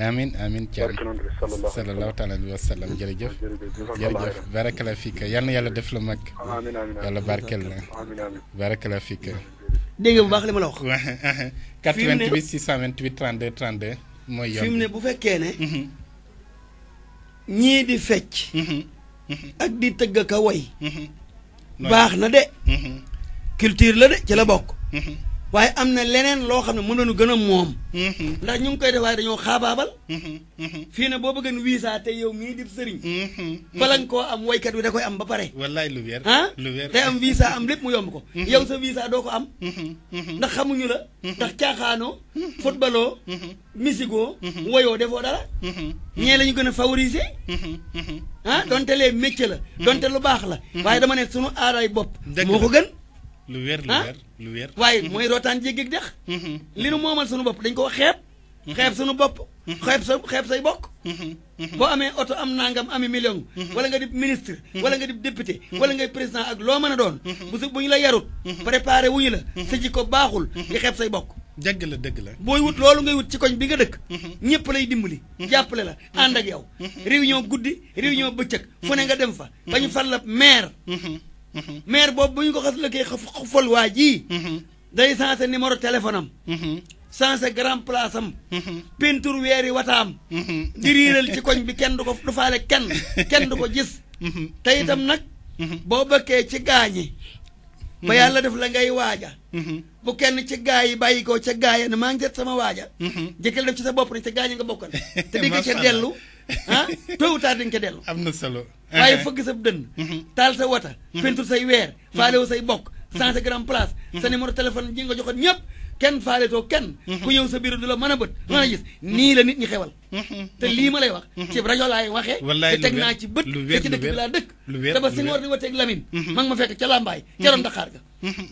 amiin amiin Thierno salla allahu taala alayhi wa sallam jërëjëf jërëjëf barakala fika yal na yàlla def la mag yàlla barkeel na barakala fika dégg nga bu baax li ma la wax 88 628 32 32 mooy yoon fi mu ne bu fekkee ne ñii di fecc ak di tëgg ka way baax na de culture la de ci la bokk waaye am na leneen loo xam ne mun na nañu gën a moom. Mm-hmm. ndax ñu ngi koy def waaye dañoo xaabaabal. Mm-hmm. Mm-hmm. fii ne boo bëggee wiisa te yow mii di sëriñ. bala nga koo am waykat wi da koy am ba pare. wallaay lu weer ah lu weer te am wiisa am lépp mu yomb ko. yow sa wiisa doo ko am. ndax xamuñu la. ndax caaxaanoo. footballoo. misigoo. woyoo defoo dara. ñee la ñu gën a favoriser. ah donte lee métier la. donte lu baax la. waaye dama ne sunu aaday bopp. moo ko gën. lu wér lu ah? wér lu wér waaye mm-hmm. mooy rootaan jéggeeg dex mm-hmm. li nu moomal sunu bopp dañ ko xeeb mm-hmm. xeeb suñu bopp xeeb sa xeeb say bokk boo amee oto am nangam ami million wala nga di ministre wala nga di député wala ngay président ak loo mën a doon bu su bu ñu la yarut préparé wu ñu la sa jikko baaxul nga xeeb say bokk dëgg la dëgg la booy wut loolu ngay wut ci koñ bi nga dëkk ñëpp lay dimbali jàppale la ànd ak yow réunion guddi réunion bëccëg fu ne nga dem fa ñu fal la maire Mm-hmm. maire boobu bu ñu ko xas lëkkee xafal waa ji. Mm-hmm. day sensé numéro téléphone am. sensé mm-hmm. grand place am. peinture weeri wataam. di riiral ci koñ bi kenn du ko du kenn kenn du ko gis. te itam nag. boo bëkkee ci gaañi. ba yàlla def la ngay waaja bu kenn ci gaa yi bàyyi ko ca gaa yi ne maa ngi jot sama waaja jëkkal def ci sa bopp ne ca gaa yi nga bokkan te di nga dellu ah tôt ou dañ ca dellu. am na solo. waaye fëgg sa dënn. Mhm. taal sa wata. Mhm. pentu say weer. Mhm. faalewu say bokk. sans sa grand place. sa numéro téléphone ji nga joxoon ñëpp kenn faale too kenn. ku ñëw sa biir du la mën a bët. mën a gis nii la nit ñi xewal. Mm-hmm. te lii ma lay wax mm-hmm. ci rajo laay waxee te teg naa ci bët te ci dëkk bi laa dëkk te ba si ngoor di wateeg Lamine mm-hmm. ma ma fekk ca Lambaay ca doon Dakar ga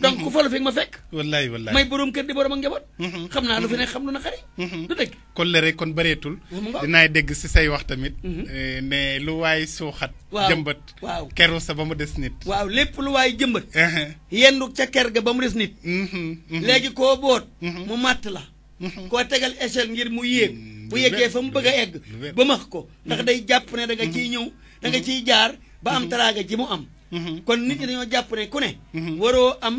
donc ku falu fi ma fekk wallaay wallaay may borom kër di borom ak njaboot xam naa lu fi ne xam lu na xari du dëgg kon la rek kon bareetul dinaay dégg si say wax tamit eh, ne lu waay suuxat jëmbat waaw keru sa ba mu des nit waaw lépp lu waay jëmbat uh-huh. yendu ca ker ga ba mu des nit léegi ko boot mu màtt la ko tegal échelle ngir mu yéeg mm. bu yeggee fa mu bëgg a egg ba max ko ndax day jàpp ne da nga ciy ñëw da nga ciy jaar ba am taraaga ji mu am kon nit ñi dañoo jàpp ne ku ne waroo am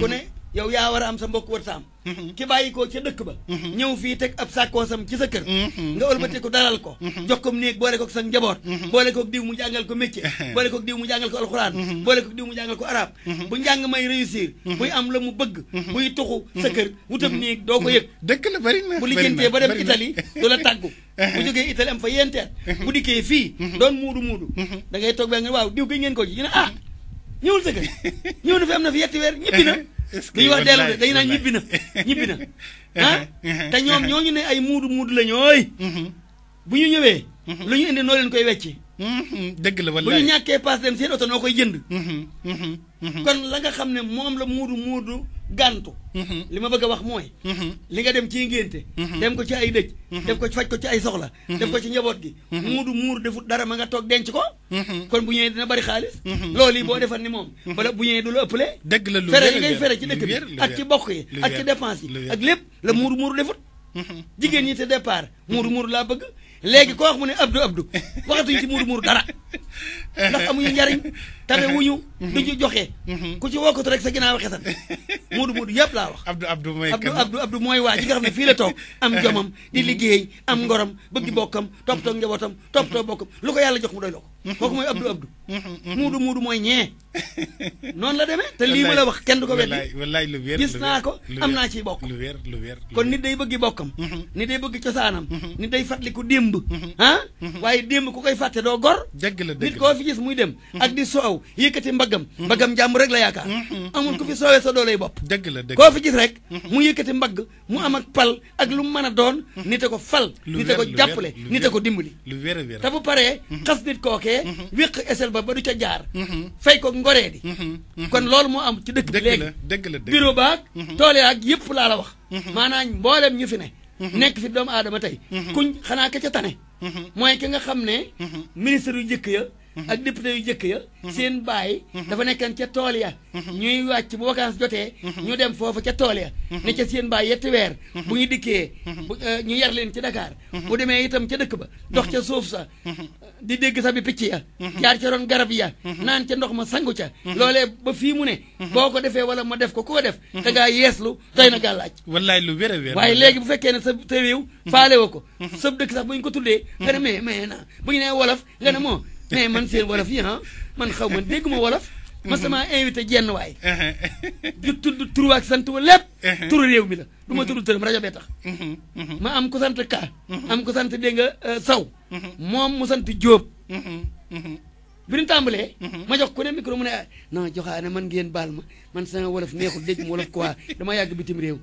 ku ne yow yaa war a am sa mbokk war sa am Mhm. ki bàyyi ko ca dëkk ba mhm. ñëw fii teg ab sam ci sa kër mhm. nga ëlbatiku dalal ko jox ko néeg boole kook sa njaboot boole kook diw mu jàngal ko métier boole kook diw mu jàngal ko alxuraan boole kook diw mu jàngal ko arab bu njàng may réussir buy am la mu bëgg buy tuxu sa kër wutam néeg doo ko yëg dëkk la bari na ba dem Italie du la tàggu bu jógee Italie am fa yenteet bu dikkee fii doon muudu muudu da ngay toog waaw diw gi ngeen ko ji ñu ne ah ñëwul sa am na fi weer ñibbi li ñuy wax dellu de dañu naan ñibbi na ñibbi na ah te ñoom ñooñu ne ay muudu muudu mm-hmm. bu ñu ñëwee mm-hmm. lu ñu indi noo leen koy wecci Mm-hmm. dëgg la wallaahi bu ñu ñàkkee paas dem seen oto noo koy jënd. Mm-hmm. Mm-hmm. kon la nga xam ne moom la muudu muudu gàntu. li ma bëgg a wax mooy. li nga dem ci ngénte. dem ko ci ay dëj. def ko faj ko ci ay soxla. def ko ci njaboot gi. muudu muur defut dara ma nga toog denc ko. kon bu ñëwee dina bari xaalis. loolu yi boo defar ni moom. wala bu ñëwee du la ëppalee. dëgg fere yi fere ci dëkk bi ak ci bokk yi ak ci dépense yi ak lépp la muudu muur defut. jigéen ñi te départ muudu muur laa bëgg. léegi ko wax mu ne abdu abdu waxatuñ ci muuru muuru dara ndax amuñu njariñ tane wuñu mm-hmm. du ñu joxe. Mm-hmm. ku ci wokkatu rek sa ginnaaw xesan Moodu Moodu yëpp laa wax. Abdou Abdou mooy Abdou Abdou ne fii la toog am jomam di mm-hmm. liggéey am ngoram bëgg bokkam toppatoo njabootam toppatoo bokkam lu ko yàlla jox mu doy loo ko. kooku mooy Abdou Abdou. Moodu Moodu mooy ñee. noonu la demee te lii du ko weddi. wallaay lu wér gis naa ko am naa ciy bokk. lu wér lu wér kon nit day bëgg bokkam. nit day bëgg cosaanam. nit day fàttaliku démb. ah waaye démb ku koy fàtte doo gor. nit koo fi gis muy dem ak di soow kaw yëkkati mbaggam mbaggam jàmm rek la yaakaar mm-hmm. amul ku fi soowee sa doolay bopp dëgg la dëgg koo fi gis rek mm-hmm. mu yëkkati mbagg mu am ak pal ak lu mu mën a doon mm-hmm. nite ko fal nite ko jàppale nite ko dimbali te bu paree xas nit kookee wéq esel ba ba du ca jaar fay ko ngoree di kon loolu moo am ci dëkk bi léegi baak tool yaak yëpp laa la wax maanaam mboolem ñu fi ne nekk fi doomu aadama tey kuñ xanaa ka ca tane mooy ki nga xam ne ministre yu ya ak député yu jëkk ya mhm. seen baay mhm. dafa nekkan ca tool ya mhm. ñuy wàcc bu vacances jotee ñu dem foofu ca tool ya ne ca seen baay yetti weer bu ñu dikkee euh, ñu yar leen ci Dakar bu demee itam ca dëkk ba dox ca suuf sa di dégg sa bi picc ya jaar ca roon garab ya naan ca ndox ma sangu ca loolee ba fii mu ne boo ko defee wala ma def ko koo def da yees yeeslu doy na gàllaaj wallaay lu wér a wér waaye léegi bu fekkee ne sa sa réew faale wo ko sab dëkk sax bu ñ ko tuddee nga ne mais na bu ñu nee nga ne moo mais man seen wolof yi ah man xaw ma dégguma wolof. ma mhm. sama invité jenn waay. Mhm. ju tudd tur ak sant wa lépp. Mhm. turu réew mi la. duma ma tudd tëram rajo bee tax. ma am ku sant Ka. am ko sant dégg nga euh, Saw. moom mu sant Diop. bi ñu tàmbalee. ma jox ku ne micro mu ne ah non joxaane man ngeen baal ma man sama wolof neexul dégg mu wolof quoi dama yàgg bitim réew.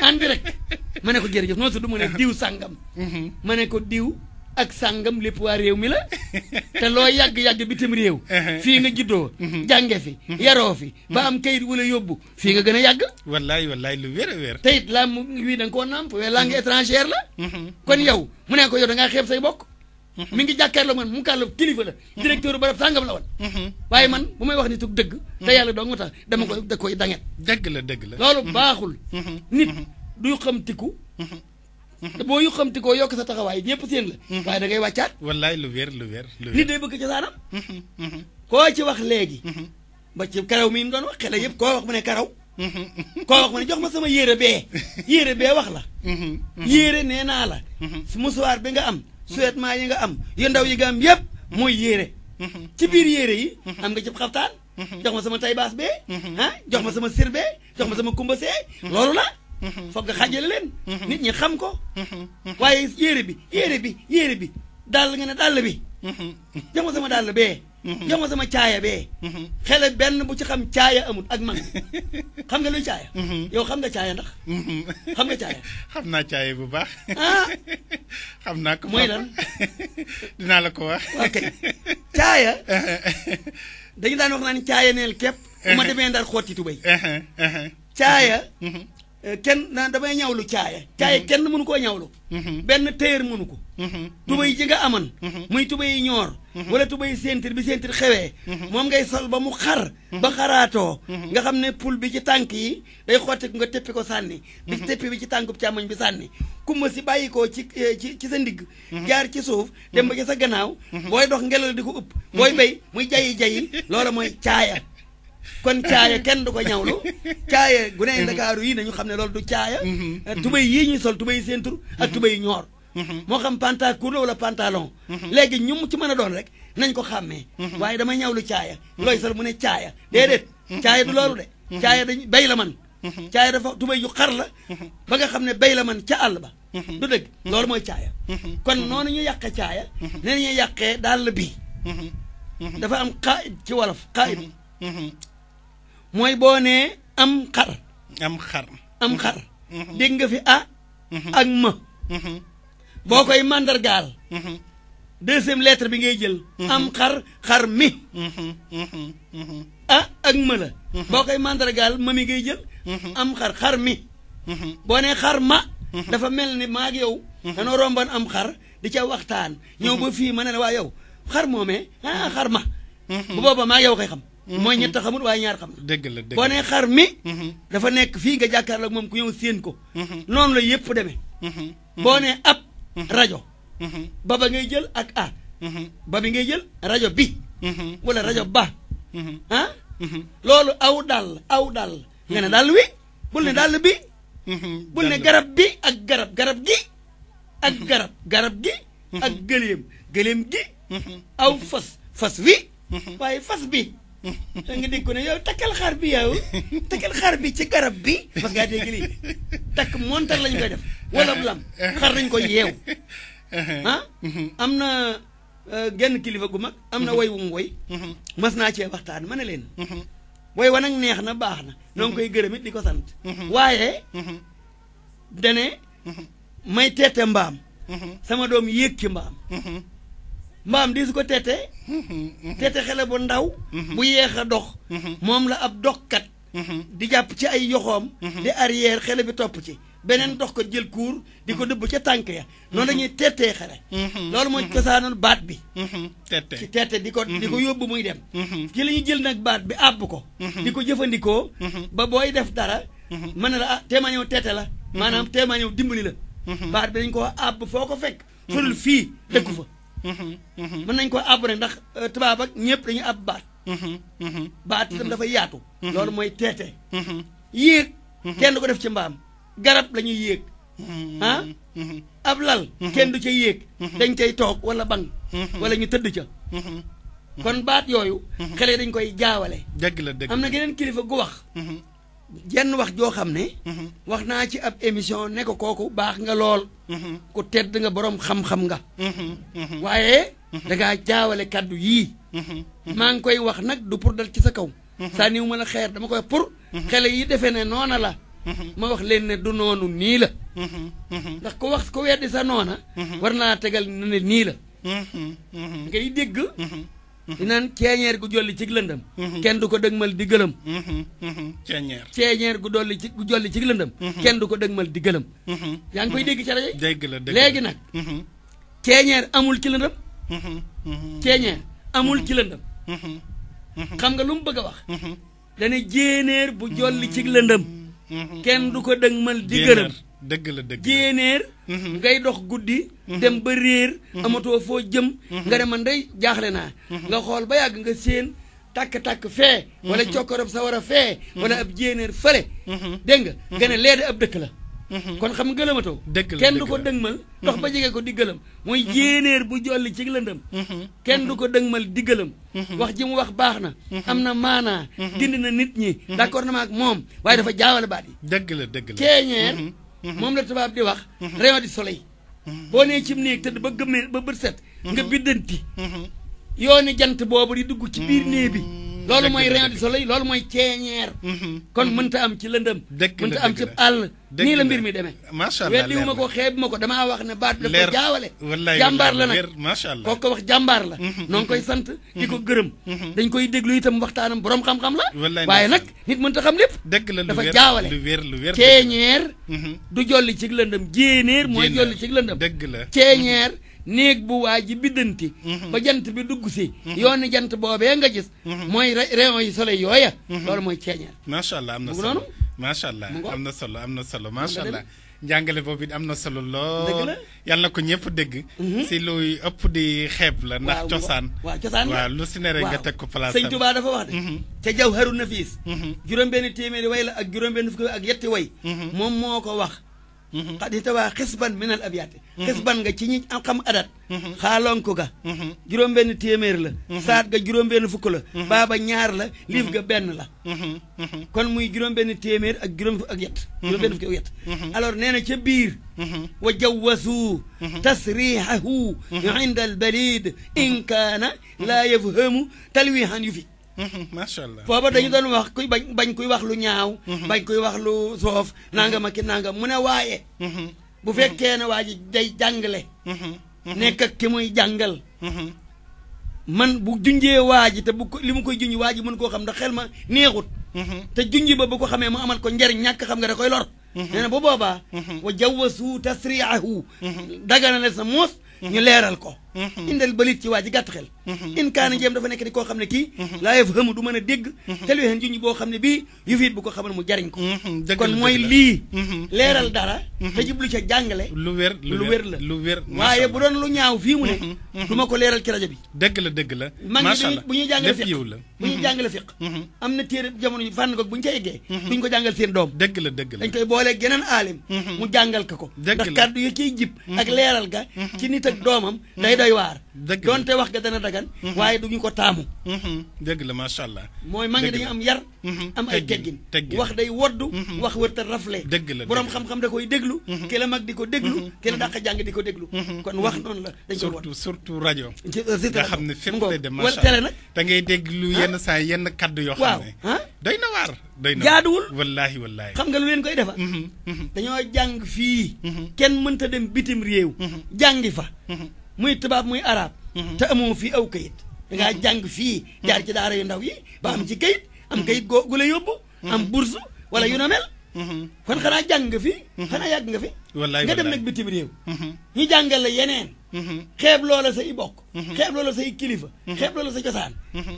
ànd rek ma ne ko jërëjëf noonu su du ne diw sàngam. ma ne ko diw. ak sangam lepp wa rew mi la te lo yag yag bitim rew uh-huh. uh-huh. fi nga jiddo jange uh-huh. fi yaro fi ba am kayit wala yobbu fi nga gëna yag wallahi wallahi lu wër wër teet la mu wi dang ko koo nàmp lang étrangère la kon yow mu ne ko yow da nga xef say bok mi ngi jàkkaarloo man mu kàllu kilifa la directeur bu sangam la won waye man bu may wax ni tuk deug te yalla do dama ko da koy danget deug la deug la lolu baxul nit du tiku te boo yu xamti koo yokk sa taxawaay ñëpp seen la mm-hmm. waaye da ngay wàccaat wallaay lu wér lu wér nit day bëgg cosaanam mm-hmm. Mm-hmm. koo ci wax léegi ba ci karaw mi mu doon wax xele yëpp koo wax mu ne karaw koo wax mu ne jox ma sama yére bee yére bee wax la yére nee naa la musuwaar bi nga am sous-vêtements yi nga am yu ndaw yi nga am yëpp mooy yére ci biir yére yi am nga ci xaftaan jox ma sama taybaas bee ah jox ma sama sir bee jox ma sama kumba Mm-hmm. foog nga xaajale leen. Mm-hmm. nit ñi xam ko. Mm-hmm. waaye yére bi yére bi yére bi dàll nga ne dàll bi. jox ma sama dàll bee. jox ma sama caaya bee. xele benn bu ci xam caaya amut ak man xam nga luy caaya. yow xam nga caaya ndax. xam nga caaya. xam naa caaya bu baax. Ah! xam naa ko mooy dinaa la ko wax. ok caaya. dañu daan wax naan caaya neel képp. bu ma uh-huh. demee ndar xotti tubéy. Uh-huh. Uh-huh. caaya. kenn naan damay ñawlu caaya caaya mhm. kenn mënu koo ñawlu mhm. benn téer mënu ko mhm. tubay ji nga aman muy tubay ñoor wala tubay sentir bi sentir xewee moom ngay sol ba mu xar ba xaraatoo nga xam ne pul bi ci tànk yi day xotteeku nga teppi ko sànni bi teppi bi ci tànku càmmoñ bi sànni kumba si bàyyi koo ci eh, ci ci sa ndigg jaar ci suuf dem ba ci sa gannaaw booy dox ngelaw di ko ëpp booy bay muy jayi jayi loola mooy caaya kon caaya kenn du ko ñawlu caaya gu ne ndakaaru yi nañu xam ne loolu du caaya mhm. tubéy yii ñuy sol tubéy seen tur ak mhm. tubéy ñoor mhm. moo xam pantacourt la wala pantalon léegi ñu mu ci mën a doon rek nañ ko xàmmee waaye dama ñawlu caaya looy sol mu ne caaya déedéet caaya du loolu de caaya dafa tubéy yu xar la ba nga xam ne bay la man ca àll ba du dëgg loolu mooy caaya kon noonu ñu yàqee caaya ne ñu yàqee daal la bii dafa am xaayit ci wolof xaayit mooy boo nee am xar. am xar am xar. Mm-hmm. Mm-hmm. nga fi a. Mm-hmm. ak ma. boo koy màndargaal. deuxième lettre bi ngay jël. am xar xar mi. a ak ma la. boo koy màndargaal ma mi ngay jël. am xar xar mi. boo xar ma. dafa mel ni maa ak yow. danoo romban am xar di ca waxtaan. ñëw ba fii ma ne la waa yow xar moomee ah xar ma. bu boobaa maa yow koy Mm-hmm. mooy ñett xamul waaye ñaar xam na dëgg la dëgg xar mi mm-hmm. dafa nekk fii nga jàkkaarloog moom ku ñëw séen ko mm-hmm. noonu la yëpp demee boo nee ab rajo ba ba ngay jël ak a ba ngay jël rajo bi wala rajo ba ah loolu aw dàll aw dàll nga ne dàll wi bul ne dàll bi bul ne garab bi ak garab garab gi ak garab garab gi ak gëléem gëléem gi aw fas fas wi waaye fas bi nga dégg ko ne yow takkal xar bi yow takkal xar bi ci garab bi parce que yaa dégg lii takk montar lañ ko def wala lam xar dañ ko yeew ah mhm. am na euh, genn kilifa gu mag am na mhm. way wu mu mhm. mas naa cee waxtaan ma ne leen woy wa nag neex na baax na noo ngi koy gërëm di ko sant waaye dane may teete mbaam sama doom yéeg ci mbaam mbaam di su ko tete mm-hmm. tete xale bu ndaw mm-hmm. bu yeex dox mm-hmm. moom la ab doxkat di jàpp ci ay yoxoom di arrière xale bi topp ci beneen dox ko jël kuur di ko dëbb ca tànk ya noonu la ñuy tettee xale loolu mooy cosaanoon baat bi tette ci tette di ko di ko yóbbu muy dem ci la ñuy jël nag baat bi àbb ko di ko jëfandikoo ba booy def dara mën na la a ah, téema ñëw la maanaam téema ñëw dimbali la baat bi dañ ko àbb foo ko fekk furul fii dëkku fa Mm-hmm. mën nañ ko àbb nag ndax euh, tubaab ak ñëpp dañuy àbb baat mm-hmm. Mm-hmm. baat itam dafa yaatu loolu mooy teete yéeg kenn du ko def ci mbaam garab la yéeg ah ab lal kenn du ca yéeg dañ cay toog wala ban wala ñu tëdd ca kon baat yooyu xale dañ koy jaawale dëgg la dëgg am na geneen kilifa gu wax jenn wax joo xam ne mhm. wax naa ci ab émission ne ko kooku baax nga lool mhm. ku tedd nga boroom xam-xam nga mhm. waaye dangaa jaawale kàddu yii maa ngi koy wax nag du pour dal ci sa kaw saa niw mën a xeer dama koy pour xele yi defee ne noona la ma wax leen du noonu nii la ndax ku wax ku weddi sa noona war naa tegal ne nii la ngay dégg di naan ceeñeer gu jolli ci lëndëm mhm. kenn du ko dëgmal di gëlëm mhm, mhm, ceeñeer ceeñeer gu dolli ci gu jolli ci lëndëm kenn du ko dëgmal di gëlëm yaa ngi koy dégg ca rajo yi dégg la léegi nag ceeñeer amul ci lëndëm ceeñeer amul ci lëndëm xam nga lu mu bëgg a wax dana jéenéer bu jolli ci lëndëm kenn du ko dëgmal di gëlëm dëgg la dëgg jéenéer mhm. ngay dox guddi mhm. dem ba réer mhm. amatoo foo jëm nga ne man day jaaxle naa nga xool ba yàgg nga séen tàkk-tàkk fee wala cokkorob sa war a fee wala ab jéenéer fële dégg nga nga ne lee ab dëkk la kon xam nga gëlëmatoo kenn du ko dëgmal dox ba jege ko di gëlëm mooy jéenéer bu jolli ci lëndëm kenn du ko dëgmal di gëlëm wax ji mu wax baax na na maanaa dindi na nit ñi d'accord na ma moom waaye dafa jaawale baat dëgg la dëgg la ceeñeer Mm-hmm. moom la tubaab di wax mm-hmm. rayon du soleil mm-hmm. boo nee cim néeg tëdd ba gëmmee ba bët set nga biddanti yooni jant boobu di dugg ci biir néeg bi Mm-hmm. loolu mooy rayon du soleil loolu mooy ceeñeer mm-hmm. kon mm-hmm. mënta am ci lëndëm mënta am ci àll nii la mbir mi demee macha allah weddi wu ma ko xeeb ma ko damaa wax ne baat dafa jaawale jàmbaar la nag macha allah kooku wax jàmbaar la noo ngi koy sant di ko gërëm dañ koy déglu itam waxtaanam borom xam-xam la waaye nag nit mënta xam lépp dëgg la dafa jaawale ceeñeer du jolli ci lëndëm jéenéer mooy jolli ci lëndëm ceeñeer néeg bu waa ji biddanti mhm. ba jant bi dugg si mhm. yoonu jant boobee nga gis mhm. mooy rayon yi soleil yooya loolu mooy ceeñeer macha allah am na solo macha allah am na solo am na solo macha allah njàngale boobu it am na solo lool yàlla na ko ñëpp dégg si luy ëpp di xeeb la ndax cosaan waaw cosaan lu si nere nga teg ko place sëñ Tuubaa dafa wax de ca jawharu nafiis juróom-benn téeméeri way la ak juróom-benn fukki ak yetti way moom moo ko wax قد يتوا خصبا من الأبيات خصبا عن كيني أقام أدات خالون كوكا جروم بين تيمير لا سات جروم بين فكولا بابا نيار لا ليف جبن لا كون مي جروم بين تيمير جروم أجيت جروم بين فكويت ألور نينا كبير وجوزو تسريحه عند البريد إن كان لا يفهم تلويه عن يفيك Mm-hmm. macha allah booba dañu mm-hmm. doon wax kuy bañ bañ kuy wax lu ñaaw. Mm-hmm. bañ kuy wax lu soof. nangam ak ki nangam mu ne waaye. bu fekkee ne waa ji day jàngale. nekk ak ki muy jàngal. man bu junjee waa ji te bu ko li mu koy junj waa ji mën koo xam ndax xel ma neexut. te junj ba bu ko xamee mu amal ko njariñ ñàkk xam nga da koy lor. nee na bu boobaa. wa jawwasu tasriahu daganale sa muus. ñu leeral ko. Mhm. indal balit ci waa ji mhm. in kaana jéem dafa nekk di koo xam ne kii mhm. laa yafhamu du mën a dégg teleween ji ñu boo xam ne bii yu fiit bu ko xamal mu jariñ ko kon mooy lii leeral dara te jublu ca jàngale lu wér lu wér la lu wér waaye bu doon lu ñaaw fii mu ne du ko leeral ci rajo bi dëgg la dëgg la macha allah bu ñuy jàngale fiq bu ñuy jàngale fiq am na téere jamono fànn ko bu ñu ca eggee duñ ko jàngal seen doom dëgg la dëgg la dañ koy boolee geneen aalim mu jàngal ka ko ndax kàddu yi ciy ci nit doy war donte wax ga dana dagan mhm. waye duñu ko tamu mhm. deug la sha allah moy mangi dañu am yar mhm. am ay teggin wax day woddu wax wërta raflé dëgg la borom xam-xam da koy deglu ke la mag diko deglu ke la dàq jang diko deglu kon wax non la dañ ko surtout surtout radio euh, nga xamne fim lay dem ma sha allah da ngay deglu yenn sa yenn kaddu yo xamne ne doy na waar doy na jaaduwul wallahi wallahi xam nga lu len koy defa dañoo jàng fii kenn mënta dem bitim rew jàngi fa muy tubaab muy arab mhm. te amoo fii aw kayit dangaa mhm. jàng fii mhm. jaar ci daara yu ndaw yi ba am ci kayit am kayit goo gu la yóbbu am bourse wala yu na mel kon xanaa jàng nga fi xanaa yàgg nga fi nga dem nag bitim réew ñu jàngal la yeneen xeeb loola say bokk xeeb loola say kilifa xeeb loola sa cosaan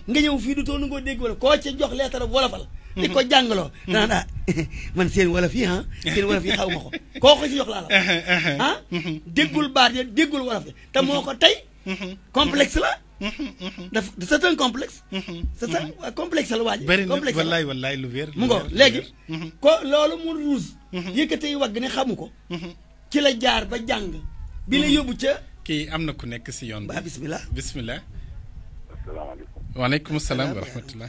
nga ñëw fii du toonu ngoo dégg wala koo ca jox leetara wolofal di ko jàngaloo. Mm-hmm. naan ah man seen wolof yi ah seen wolof yi xaw ma ko koo ko ci jox laa la uh-huh, uh-huh. ah mm-hmm. baat ya déggul wolof ya te moo ko tey mm-hmm. complexe la daf c'est un complexe c'est ça la waa ji bëri na wallaay wallaay lu wér mu ngo léegi ko loolu mu wagg ne xamu ko ci la jaar ba jàng bi la yóbbu ca ki am na ku nekk si yoon bi bismillah bismillah asalaamaaleykum salaam wa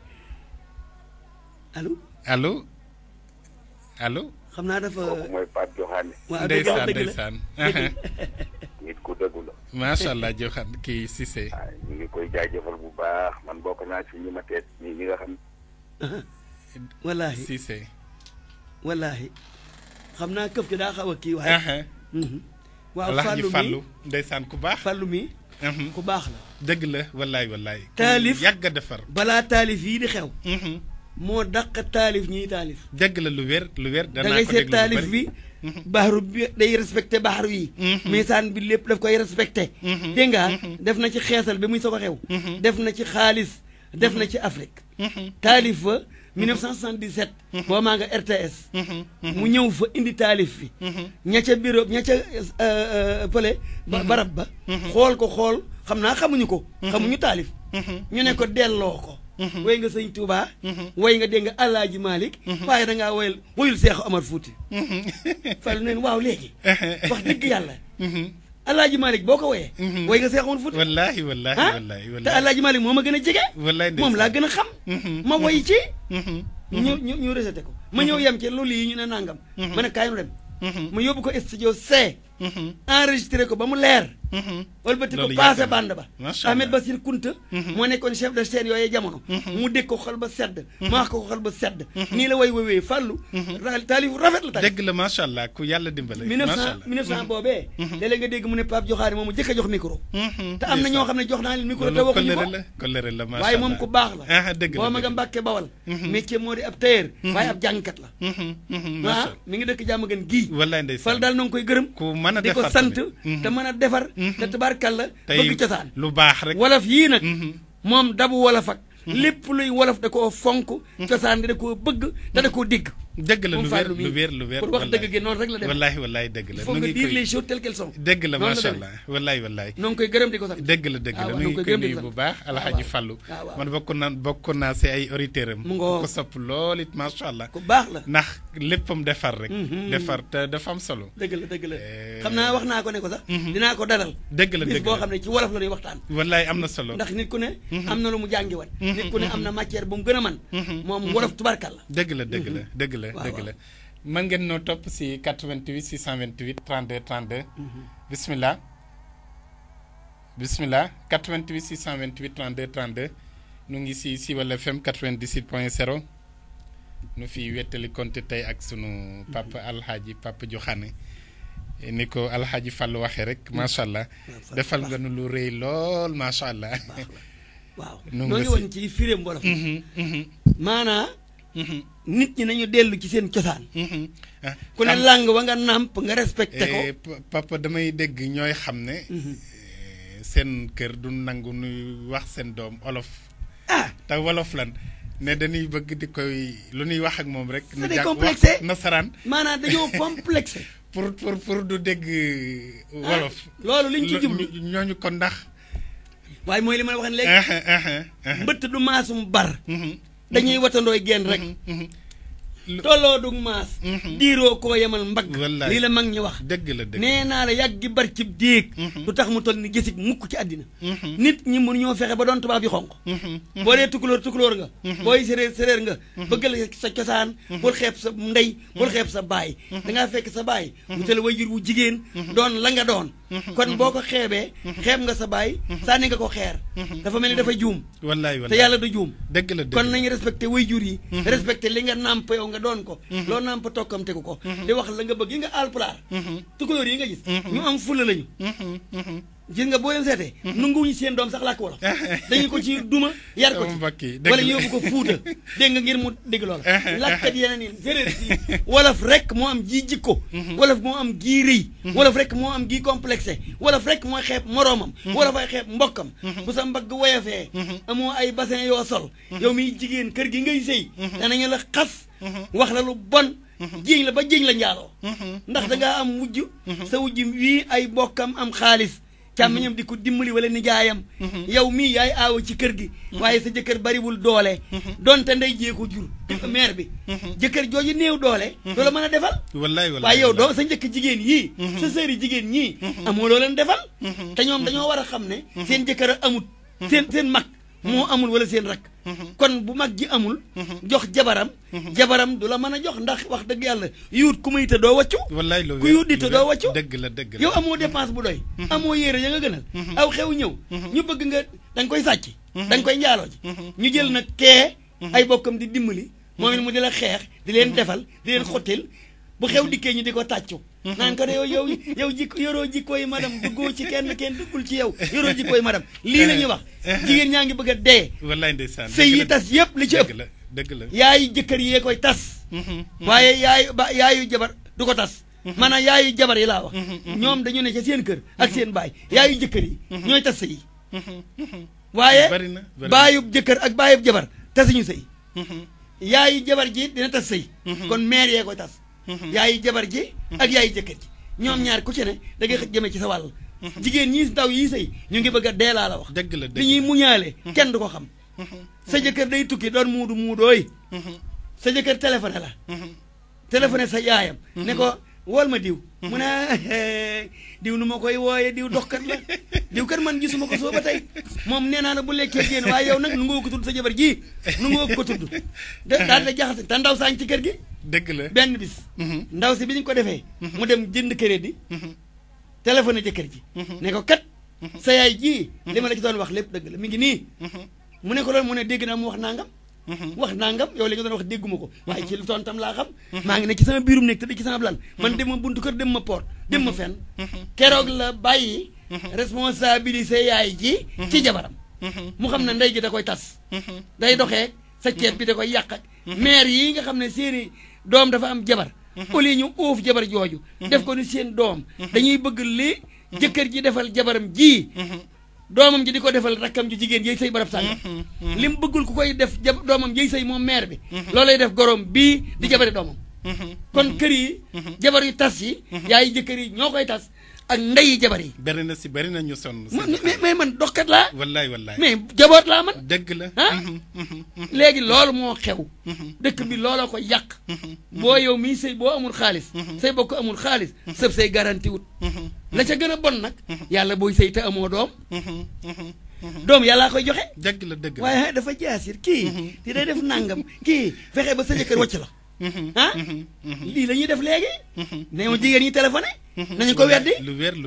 allo allo allo. xam naa dafa kooku mooy Pape Joxaane. waaw dëgg la ndeysaan la. macha allah Joxaane kii Cissé. waaw ñu naa ci xam. naa këf gi daa xaw a kii waaye. Mhm. waaw Fallou mi Fallou ku baax Fallou mi. Mhm. ku baax la. dëgg la wallaay wallaay. taalif yàgg a defar. balaa taalif yii di xew. Mhm. moo dàq taalif ñiy taalif. dëgg la lu wér lu wér. danaa ko dangay seet taalif bi. baaxaru bi day respecté baaxaru yi. misaan mhm. bi lépp daf koy respecté. Mhm. dégg mhm. def na ci xeesal bi muy soog a xew. def na ci xaalis def na ci Afrique. taalif fa 1977. boo maa nga RTS. mu ñëw fa indi taalif fi. ña ca bureau ña ca euh, euh, fële. barab ba. xool ko xool xam naa xamuñu ko. xamuñu taalif. ñu ne delloo ko. Mhm. way nga sëñ Touba. Mhm. way nga dégg nga Alaaji Malick. Mhm. waaye da ngaa woyal woyul Seexu Amar Fuuti. Fallou neen waaw léegi. wax dëgg yàlla. Alaaji Malick boo ko woyee. way nga Seexu Amar Fuuti. wallaahi wallaahi ah? wallaahi te Alaaji moom a gën a jege. wallaahi moom laa gën a xam. ma woy ci. ñu ñu ñu rejeté ko. ma ñëw yem ci loolu yi ñu ne nangam. ma ne kaay nu dem. ma yóbbu ko studio C. Mm-hmm. enregistré ba mu leer mm-hmm. walbati ko passé bande ba Ahmed Basir Kunta mm-hmm. moo nekkoon chef de chaîne yooyee jamono mu dégg ko xol ba sedd ma wax ko xol ba sedd nii la way woowee fàllu taalifu rafet la dégg la macha allah ku yàlla dimbale mille neuf cent mille neuf cent boobee léeg-léeg nga dégg mu ne Pape Joxaane moom mu jëkk a jox micro te am na ñoo xam ne jox naa leen micro te waxuñu ko kolere la waaye moom ku ah, nga Mbàkke Bawal métier moo di ah, fal daal na nga koy gërëm mën a di ko sant. te man mhm. a defar. te mhm. tubaarkàlla bëgg cosaan. lu baax rek wolof yii nag. Mhm. moom dabu wolof ak. lépp luy wolof da koo fonk. cosaan da koo bëgg te da koo digg. dëgg la lu wér lu wér lu wér pour wax dëgg gi noonu rek la demee wallaahi wallaahi dëgg la. foog nga dire les choses telles qu'elles sont. dëgg la macha allah wallaahi wallaahi. noo ngi koy gërëm di ko sax dëgg la dëgg la ah, nu ngi koy nuyu bu baax ah, alxaaji Fallou ah, man bokk naa bokk naa si ay auditeurs am. mu ko sopp lool it macha allah. ku baax la ndax léppam defar rek. Mm-hmm. defar te dafa am solo. dëgg la dëgg la eh. xam naa wax naa ko ne ko sax. Mm-hmm. dinaa ko dalal. dëgg la dëgg la bis boo xam ne ci wolof la ñuy waxtaan. wallaahi am na solo ndax nit ku ne. Mm-hmm. am na lu mu jàngiwaat. nit ku ne am na matière bu mu gën a man moom wolof tubarkal la dëgg la dëgg la la dëgg la mën ngeen noo topp si 88 628 32 32. bismillah bismillah 88 628 32 32 ñu ngi si Siwel FM 98 point 0 nu fi wettali compte tey ak sunu mhm. papa alhaji papa joxane ni ko haji Fall waxe rek mhm. macha allah. defal nga nu lu rëy lool macha allah. waaw noo ngi woon ci firé mbolof mhm, maanaa. Mm-hmm. nit ñi nañu dellu ci seen cosaan. Mm-hmm. ku ne ah. làng wa nga nàmp nga respecté ko. Eh, papa damay dégg ñooy xam ne. Mm-hmm. Eh, seen kër du nangu nuy wax seen doom olof. ah te wolof lan ne dañuy bëgg di koy lu ñuy wax ak moom rek. nu jàng wax nasaraan maanaam dañoo complexé. pour pour pour du dégg euh, ah, wolof. loolu liñ ci jublu ñooñu ko ndax. waaye mooy li ma la wax léegi. Uh-huh, uh-huh, uh-huh. mbëtt du maasum bar. dañuy watandooy genn rek mm-hmm, mm-hmm. tolodung dug mas mhm. diro ko yamal mbag li la mag mhm. ni wax deug la deug neena la bar ci dik mu ni mukk ci adina mhm. nit ñi mu ñoo fexé ba doon tuba bi xonko bo le tukulóor tukulóor nga boy séréer séréer nga la sa cosaan bul xép sa ndey bul xép sa da nga fekk sa bay mu tël wayjur wu jigen doon la nga doon kon boko xébé xeebee nga sa sa ni nga ko xeer dafa melni dafa joom wallahi wallahi te yalla du joom deug la deug kon nañu respecté wayjur yi respecté li nga nampé nga doon ko mhm. loo namp tokkam tegu ko mhm. di wax la nga bëgg yi nga alpulaar mhm. tukulóor yi nga gis ñu am fulla lañu gis nga boo leen seetee nanguwuñu seen doom sax làkk wolof dañu ko ci duma yar ko ci wala ñu yóbbu ko fuuta dégg nga ngir mu dégg loola eh, eh, làkkat eh. yeneen yi séréer si wolof rek moo am ji jikko wolof moo am gii rëy wolof rek moo am gii complexé wolof rek mooy xeeb moroomam wolof ay xeeb mbokkam bu sa mbagg woyofee amoo ay bassin yoo sol yow miy jigéen kër gi ngay sëy danañu la xas wax la lu bon mhm. jiiñ la ba jiiñ la njaaloo mhm. ndax daga am wujj mhm. sa wujj wii ay bokkam am xaalis càmmiñam di ko dimbali wala nijaayam yow mii yaay aawa ci kër gi waaye sa jëkkër bariwul doole donte nday jee ko jur maire bi jëkkër jooju neew doole doo la mën a defal wallaay wallaay waaye yow doo sa njëkk jigéen yii sa sëri jigéen ñii amoo loo leen defal te ñoom dañoo war a xam ne seen jëkkër a amut seen seen mag moo amul wala seen rakk mm-hmm. kon bu mag ji amul mm-hmm. jox jabaram mm-hmm. jabaram du la mën a jox ndax wax dëgg yàlla yuut ku muy doo wàccu wallaay loolu ku yuut di te doo wàccu dëgg la dëgg la amoo dépense bu doy amoo yére ya nga gënal aw xew ñëw ñu bëgg nga da koy sàcc da nga koy njaaloo ji ñu jël na kee ay bokkam di dimbali moom it mu di la xeex di leen defal di leen xottil bu xew dikkee ñu di ko tàccu Mhm. naan ko de yow yow yow jikko yoroo jikko yi madam duggoo ci kenn kenn duggul ci yow yoroo jikko yi madam lii la wax eh. jigéen ñaa ngi bëgg a dee wallaay ndeysaan tas yëpp li ci ëpp dëgg la yaayu jëkkër yee koy tas mhm, mhm. waaye yaayu ba yaayu jabar du ko tas maanaam yaayu jabar yi laa wax ñoom dañu ne ca seen kër ak seen baay yaayu jëkkër yi ñooy tas sëy waaye baayub jëkkër ak baayub jabar tasuñu sëy yaayu jabar ji dina tas sëy kon meer yee koy tas Mm-hmm. yaayi jabar ji ak yaayi jëkkër ji mm-hmm. ñoom ñaar ku ci ne da ngay xëj ci sa wàll mm-hmm. jigéen ñi ndaw yi sëy ñu ngi bëgg a dee laa la wax dëgg la li ñuy muñaale kenn du ko xam sa jëkkër day tukki doon muudu muudooy sa jëkkër téléphoné la téléphoné sa yaayam ne ko wool ma diw mm-hmm. mu ne diw nu ma koy wooye diw kat la diw kat man gisuma ko soo ba tey moom nee naa la bu lekkee génn waaye yow nag nu nga ko tudd sa jabar ji nu nga ko tudd daal da jaxase te ndaw saañ ci kër gi dëgg la benn bis mm-hmm. ndaw si bi ñu ko defee mm-hmm. mu dem jënd crédit téléphone jëkkër ji ne ko kat sa yaay ji li ma la ci doon wax lépp dëgg la mi ngi nii mu ne ko loolu mu ne dégg naa mu wax nangam Mhm. wax nangam yow li nga doon wax dégguma ko mhm. waaye ci lu toon tam laa xam mhm. maa ngi ne ci sama biirum nekk te di ci sama lan man dem ma buntu kër dem ma port dem ma fenn keroog la bàyyi responsabilité yaay ji ci jabaram mu xam ne ndey ji da koy tas day doxee sa ceeb bi da koy yàq ak maire yi nga xam ne seeni doom dafa am jabar au lieu ñu uuf jabar jooju def ko ni seen doom dañuy bëgg li jëkkër ji defal jabaram ji doomam ji di ko defal rakkam ji jigéen yey sëy barab sànga li mu bëggul ku koy def ja doomam yey sey moom maire bi mm-hmm. loolay def gorom bii di jabari doomam mm-hmm. kon kër yi mm-hmm. jabar yu tas yi yaay jëkkër yi ñoo koy tas ak ndeyi jabar yi. bari na si bari na ñu sonn. mais mais man doxkat laa. wallaay wallaay mais jaboot laa man. dëgg la ah. Mhm, mhm, mhm, léegi moo xew. dëkk bi looloo ko yàq. boo yow mii sëy boo amul xaalis. say bokk amul xaalis. sëb say garanti wut. la ca gën a bon nag. yàlla booy sëy te amoo doom. doom yàllaa koy joxe. dëgg la dëgg la waaye dafa jaasir kii. di day def nangam kii fexe ba sa jëkkër wàcc la. ah lii la ñuy def léegi. nee ma jigéen ñi nañu ko weddi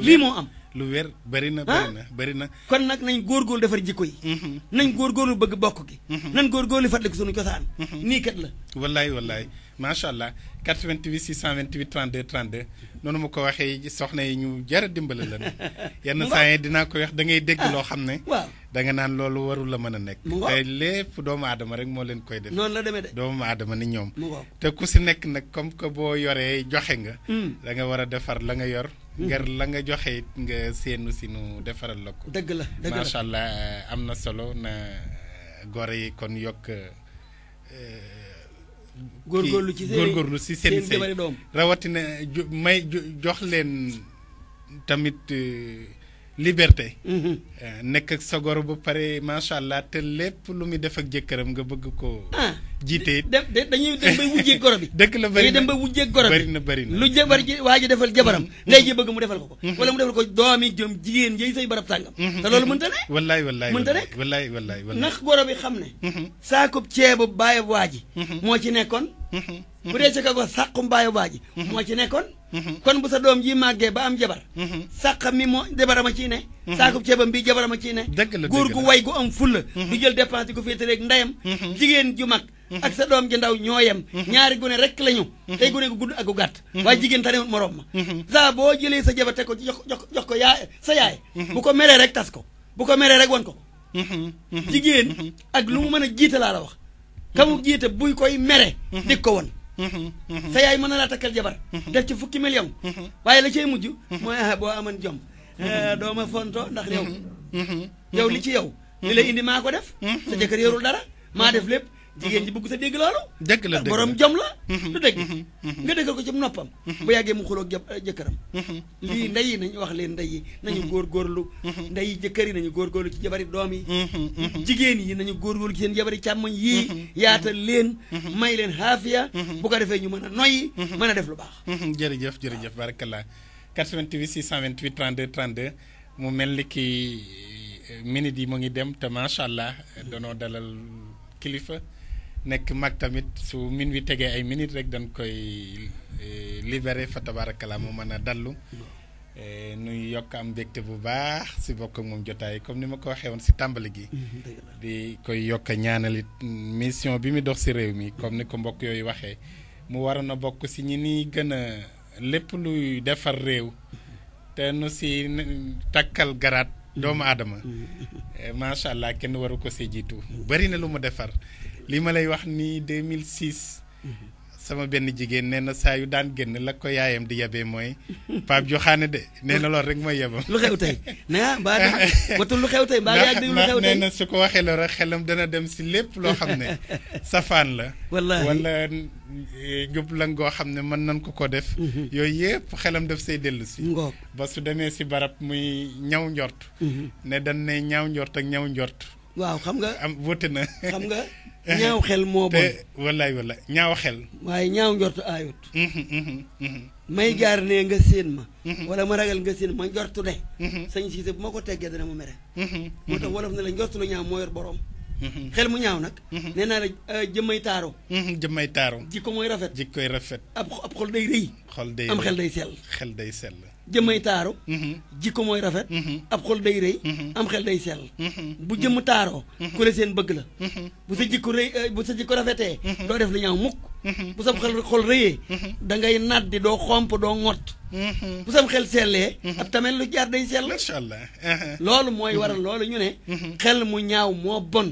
lii moo am lu wér bëri na ah? bëri na bëri na kon nag nañ góorgóorlu defar jikko yi mm-hmm. nañ lu bëgg bokk gi mm-hmm. nañ góorgóorlu fàttaliku sunu cosaan mm-hmm. nii kat la wallaay wallaay macha allah 88 628 32 32 noonu ma ko waxee soxna yi ñu jar a dimbale la yenn saa yi dinaa ko wax da ngay dégg ah, loo xam ne waaw da nga naan loolu warul la mën a nekk te lépp doomu aadama rek moo leen koy def noonu la de doomu aadama ni ñoom te ku si nekk nag comme que boo yoree joxe nga mm. da nga war a la nga yor ngir la nga joxe it nga seenu si nu defaral la ko. dëgg la dëgg macha allah am na solo na eh, gore yi kon yokk. Eh, góorgóorlu ci seen si seen sëy rawatina may jox leen tamit. Eh, liberté. Mm-hmm. Eh, nekk ak sa goro ba pare macha allah te lépp lu muy def ak jëkkëram nga bëgg ko ah. jiite it dañuy dem bay wujjee goro bi. dëgg la bëri na dem bay wujjee goro bi na lu jabar ji waa ji defal jabaram. Mm-hmm. ndey ji bëgg mu defal ko ko. Mm-hmm. wala mu defal ko doomi jom jigéen yey say barab sàngam. te loolu mënta ne. wallaay wallaay mënta ne wallaay wallaay wallaay. ndax goro bi xam ne. saako ceebu bàyyi waa ji. moo ci nekkoon. bu dee ci kooku sàqu mbaayu baa ji mm-hmm. moo ci nekkoon mm-hmm. kon bu sa doom ji màggee ba am jabar mm-hmm. sàq mi moo jabarama ciy ne saakub ceebam bi jabarama ciy ne góor gu way gu am fulla du jël dépense di ko féetaleeg ndeyam jigéen ju mag ak sa doom ji ndaw ñoo ñaari gune rek la ñu tey gune gu gudd ak gu gàtt waaye jigéen tanewut moroom ma saa boo jëlee sa jabar teg ko jox jox ko yaay sa yaay bu ko meree rek tas ko bu ko meree rek wan ko jigéen ak lu mu mën a kamu jiite buy koy mere mhm. dig ko woon mhm. mhm. sa yaay mën na laa takkal jabar def ci fukki million waaye la cay mujj mooy a ah, boo aman jom eh, dooma fonto ndax yow yow li ci yow li indi maa ko def sa jëkkër yorul dara maa def lépp jigéen ji bëgg sa dégg loolu. dëgg la dëgg borom jom la. lu mm-hmm. dëgg. Mm-hmm. Mm-hmm. nga déggal ko ci noppam. bu yàggee mu xuloo eh, jëkkëram. lii ndey yi nañu wax leen ndey yi nañu góorgóorlu. ndey yi jëkkër yi nañu góor góorgóorlu ci jabari doom yi. jigéen yi nañu góorgóorlu ci seen jabari càmmoñ yii. yaatal leen. may leen xaafiya. bu ko defee ñu mën a noyyi. mën a def lu baax. jërëjëf jërëjëf barakallah 88 628 32 32 mu mel ni ki eh, minute yi mu ngi dem te macha allah danoo dalal kilifa. nekk mag tamit su min bi tegee ay minutes rek dañ koy eh, libéré fa tabaarakala mu mën a dallu eh, nuy yokk am mbégte bu baax si bokk ak moom jotaay comme ni ma ko waxee woon si tàmbali gi mm-hmm, di koy yokk ñaanalit mission bi mu dox si réew mi comme ni ko mbokk yooyu waxee mu waroon a bokk si ñi ni gën a lépp luy defar réew mm-hmm. te nu si takkal garaat mm-hmm. doomu aadama eh, macha allah kenn waru ko see jiitu bari na lu mu defar li ma lay wax nii 2006. sama benn jigéen nee na saa yu daan génn la ko yaayam di yabee mooy Pape Diokhane de nee na loolu rek mooy yabam. lu xew tey naa mbaa watul lu xew tey su ko waxee loolu rek xelam dana dem si lépp loo xam ne safaan la. walla wala eh, njub la ngoo xam ne mën nan ko ko def. Mm-hmm. yooyu yëpp xelam def say dellu si. ba su demee si barab muy ñaw njort. Mm-hmm. ne dan ne ñaaw njort ak ñaw njort. waaw xam nga am wute na. xam nga ñaaw xel moo bon. wallaay wallaay ñaaw xel. waaye ñaaw njort aayut. Mhm, mhm, mhm. may jaar ne nga séen ma. wala ma ragal nga séen ma njortu de. sañ siise bu ma ko teggee dana ma mere. moo tax wolof ne la njortu ñaaw moo yor boroom. xel mu ñaaw nag. nee naa la euh, jëmmay taaro. jëmmay taaro. jikko mooy rafet. jikkoy rafet. ab ab xol day rëy. xol day am xel day sel xel day sell. jëmmay taaru mm-hmm. jikko mooy rafet mm-hmm. ab xol day rëy mm-hmm. am xel day sell bu jëmm taaroo ku la seen bëgg la bu sa jikko rëy eh, bu sa jikko rafetee doo def lu ñaaw mukk bu sam xel xol rëyee da ngay naat di doo xomp doo ŋott bu sam xel sellee ab tamit lu jaar day sell macha allah loolu mooy waral loolu ñu ne xel mu ñaaw moo bon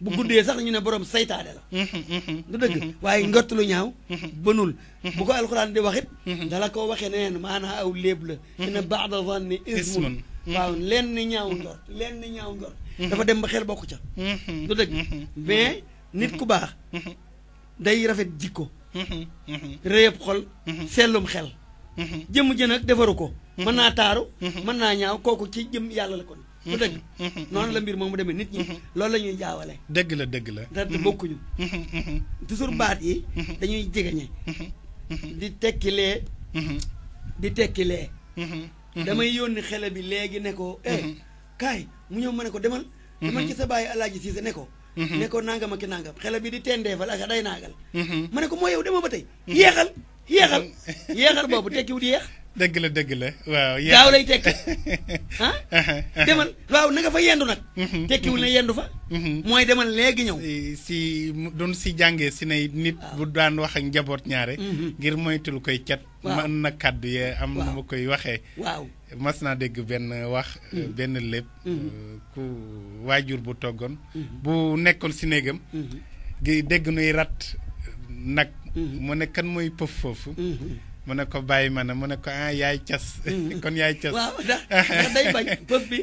bu guddee sax ñu ne borom saytaade la lu dëgg waaye ngott lu ñaaw bënul bu ko alxuraan di waxit dala ko waxee neen maanaa aw léeb la ina baada zanni ismun waaw lenn ñaaw njort lenn ñaaw njort dafa dem ba xel bokku ca lu dëgg mais nit ku baax day rafet jikko mm-hmm, mm-hmm. réyëb xol mm-hmm. sellum xel jëmm ji nag defaru ko mën naa taaru mën naa ñaaw kooku ci jëm yàlla la kon bu dëgg noonu la mbir mu demee nit ñi loolu la ñuy jaawale dëgg la dëgg la da bokkuñu toujours baat yi dañuy jegeñe di tekki lee di tekki lee damay yónni xele bi léegi ne ko eh kaay mu ñëw ma ne ko demal demal ci sa bàyyi alaaji siise ne ko Mm-hmm. ne ko nangam ak nangam xele bi di tendeefal ak day naagal mm-hmm. ma ko moo yow dema ba tey yeexal yeexal mm-hmm. yeexal boobu tekkiwut yeex dëgg la dëgg la waaw gaaw lay tekki ah uh-huh. demal waaw na ne yendu fa mooy demal léegi ñëw si doon si jàngee si ne nit bu daan wax njaboot ñaare ngir moytul koy cet mën na kàddu yee am na ma koy waxee waaw mas naa dégg benn wax. Mm. Euh, benn lépp. Mm-hmm. Euh, ku waajur bu toggoon. Mm-hmm. bu nekkoon si néegam. gi mm-hmm. dégg nuy rat euh, nag. mu ne kan mooy pëf foofu. mu ne ko bàyyi ma ne mu ne ko ah yaay cas. Mm-hmm. kon yaay cas waaw ndax day bañ pëf bi.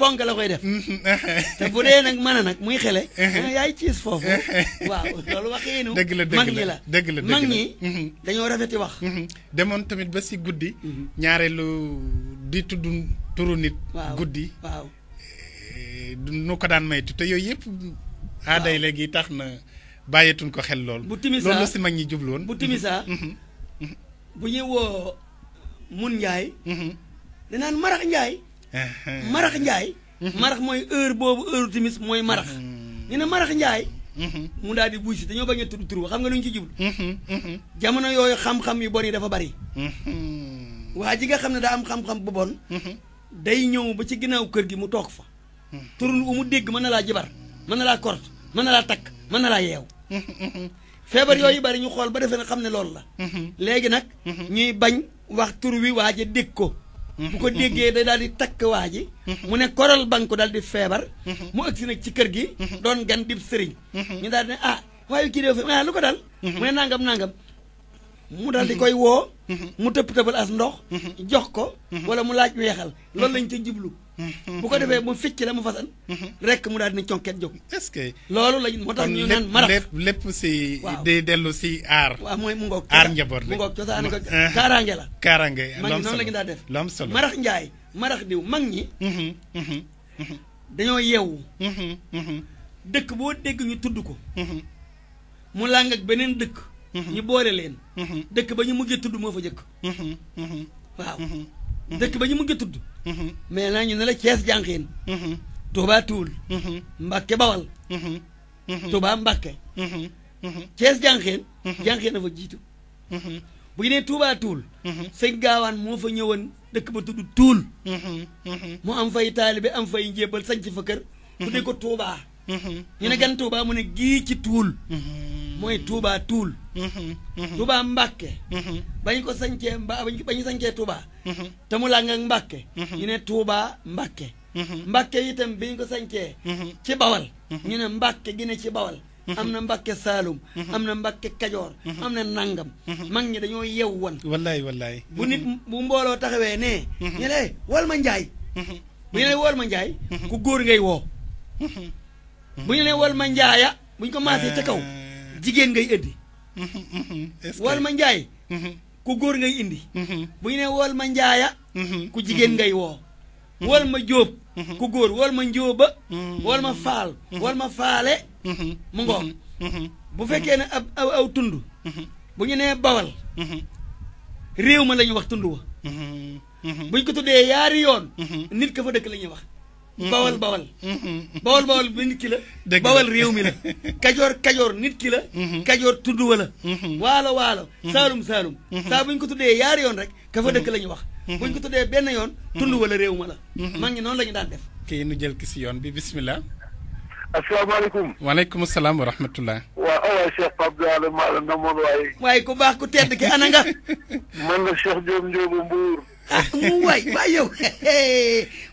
ponk la koy def. Mm-hmm. te bu dee nag mën a nag muy xele. Ah, yaay ciis foofu. waaw loolu waxiinu. dëgg la dëgg la mag ñi la dëgg la mag dañoo rafeti wax. Mm-hmm. demoon tamit ba si guddi. ñaareelu di tudd turu nit. waaw guddi. waaw eh, nu ko daan maytu te yooyu yëpp. waaw aaday léegi tax na bàyyeetuñ ko xel lool. bu timisaa loolu la si mag ñi jublu woon bu bu ñuy woo mun njaay mhm. danaan marax njaay mhm. marax njaay mhm. marax mooy heure boobu heure timis mooy marax ñu ne marax njaay mu daal di buy si dañoo bañ a tudd tur xam nga lu ñu ci jublu jamono yooyu xam-xam yu bon yi dafa bari waa ji nga xam ne daa am xam-xam bu bon day ñëw ba ci ginnaaw kër gi mu toog fa turul u mu dégg mën na laa jabar mën laa kort mën na laa takk mën na laa yeew feebar yooyu bari ñu xool ba defe ne xam ne loolu la mm-hmm. léegi nag mm-hmm. ñuy bañ wax tur wi waaj a dégg ko bu ko mm-hmm. déggee day daal di takk waa ji mu ne koral bank daal di feebar mu agsi nag ci kër gi doon gan dib sëriñ ñu daal di ne ah waaye kii def ah, lu ko dal mu ne nangam nangam mu daal di koy woo mu tëpp tëbal as ndox jox ko wala mu laaj weexal loolu lañ ca jiblu bu ko defee mu ficc la mu fasan rek mu daal dina conket jóg est-ce que loolu lañ moo tax ñu naan marab lépp lépp si di dellu si aar mu ngoog aar njaboot mu ngoog cosaan ko kaaraange la uh-huh. kaaraange mag ñi la ñu daa def lu am solo marax njaay marax diw mag ñi uh-huh, uh-huh, dañoo yeewu dëkk boo dégg ñu tudd ko mu làng ak beneen dëkk Mm-hmm. ñu boole leen mm-hmm. dëkk ba ñu mujj tudd moo fa jëkk mm-hmm. waaw dëkk ba ñu mujj tudd mais naa ñu ne la Cees jànqeen Touba Tuul Mbàkke Bawal Touba Mbàkke Cees jànqeen jànqeen a fa jiitu bu ñu nee Touba Tuul sëñ gaawaan moo fa ñëwoon dëkk ba tudd Tuul mu am fay taalibe am fay njébbal sañc fa kër tuddee ko Touba ñu ne gan Touba mu ne gii ci tuul mooy Touba tuul Touba Mbàkke bañ ko sañcee mba ba ñu sañcee Touba te mu làng ak Mbàkke ñu ne Touba Mbàkke Mbàkke itam bi ñu ko sañcee ci Bawal ñu ne Mbàkke gi ci Bawal am na mbakke Saalum am na Mbàkke Kajoor am na nangam mag ñi dañoo yew woon wallaay wallaay bu nit bu mbooloo taxawee ne ñu ne wal ma njaay bu ñu ne wal ma njaay ku góor ngay woo bu ñu ne wal ma njaaya bu ñu ko maasee ca kaw eh. jigéen ngay indi mm-hmm, mm-hmm. wal ma njaay mm-hmm. ku góor ngay indi bu ñu ne wal ma njaaya ku jigéen ngay woo wal ma jóob ku góor wal ma njóoba wal ma faal wal ma faale mu ngoog bu fekkee ne ab aw tund bu ñu nee bawal réew ma lañuy wax tund wa buñ ko tuddee yaari yoon nit ka fa dëkk la ñuy wax Mm-hmm. bawal bawal mm-hmm. bawal bawal bi nit ki la bawal réew mi la kajoor kajoor nit ki la mm-hmm. kajoor tudd wala waalo waalo saalum saalum saa bu ñu ko tuddee yaari yoon rek ka fa dëkk la ñu wax bu ñu ko tuddee benn yoon tund wala réew ma la mag ñi noonu la ñu daan def kii nu jël ki si yoon bi bismillah asalaamaaleykum waaleykum salaam wa rahmatullah waaw oh, waaye Cheikh Pape Diallo maa la namoon waaye waaye ku baax ku tedd ki ana nga man la Cheikh Diop Ndiobo Mbour ah mu waay waay yow